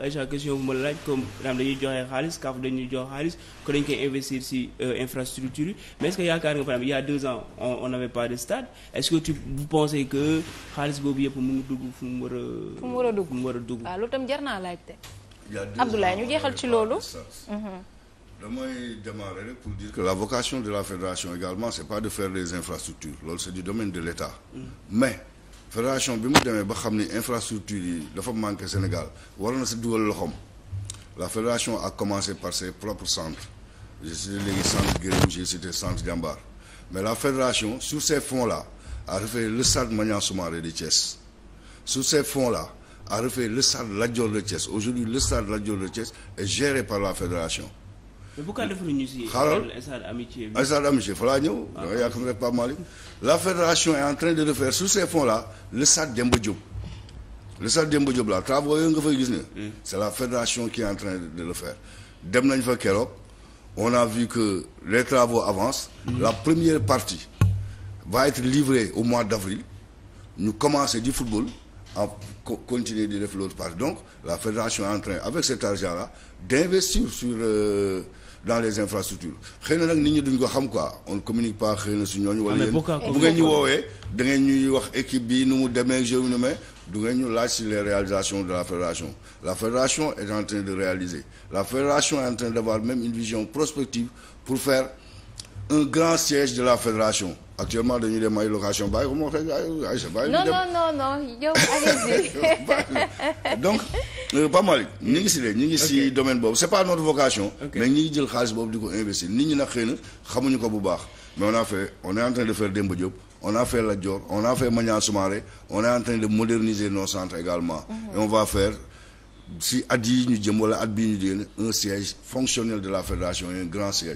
ak agent question bu ma laaj comme daam dañuy joxe xaalis kaaf dañuy jox xaalis que dañ koy investir ci euh, infrastructure mais est yaakaar nga par exemple il a deux ans on n'avait pas de stade est-ce que tu vous xaalis boobu yëpp mu ngi dugg fu mu war a. fu mu a dugg a ah, loolu itam jar naa laajte. Abdoulaye ñu jeexal ci loolu. Mhm. damay démarrer rek pour dire que la vocation de la fédération également c'est pas de faire des infrastructures loolu c'est du domaine de l'État. Mhm. mais fédération bi mu demee ba xam ni infrastructure yi dafa manqué Sénégal war si dugal loxoom la fédération a commencé par ses propres centres je cité léegi centre Guérémou j'ai cité centre Jambar mais la fédération sur ces fonds là a refait le stade Maniang Soumaré de Thiès sur ces fonds là a refait le stade la Dior de Thiès aujourd'hui le stade la Dior de Thiès est géré par la fédération mais pourquoi defuñu si. xaaral stade amitié bi stade amitié fa laa ñëw. waaw da nga yaakaar la fédération est en train de refaire sous ces fonds là le stade Demba Diop. le stade Demba la là nga fay gis ne. Hmm. c'est la fédération qui est en train de le faire dem nañ fa keroog on a vu que les travaux avancent. Hmm. la première partie va être livrée au mois d'avril ñu commencer du football. en continuer di def l'autre partie donc la fédération est en train avec cet argent là d'investir sur euh, dans les infrastructures xëy na nag nit ñi duñ ko xam quoi on ne communique pas xëy na su ñooñu wala yéen bu ngeen ñu woowee da ngeen ñuy wax équipe bi nu mu demee jeu nu mais du ngeen ñu laaj si les réalisations de la fédération la fédération est en train de réaliser la fédération est en train d'avoir même une vision prospective pour faire un grand siège de la fédération actuellement dañu dem ay location bàyyi ko moo xëy ay sa bàyyi. non non non non yow donc euh, pas mal ñi ngi si de ñu ngi si domaine boobu c'est pas notre vocation. mais ñi ngi jël xaalis boobu di ko investir nit ñi nag xëy na xamuñu ko bu baax. mais on a fait on est en train de faire Demba Diop on a fait Lat Dior on a fait Magnan Soumaré on est en de moderniser nos centres également. Mhm. on va faire. si at yii ñu jëm wala at bii ñu jëm un siège fonctionnel de la fédération et un grand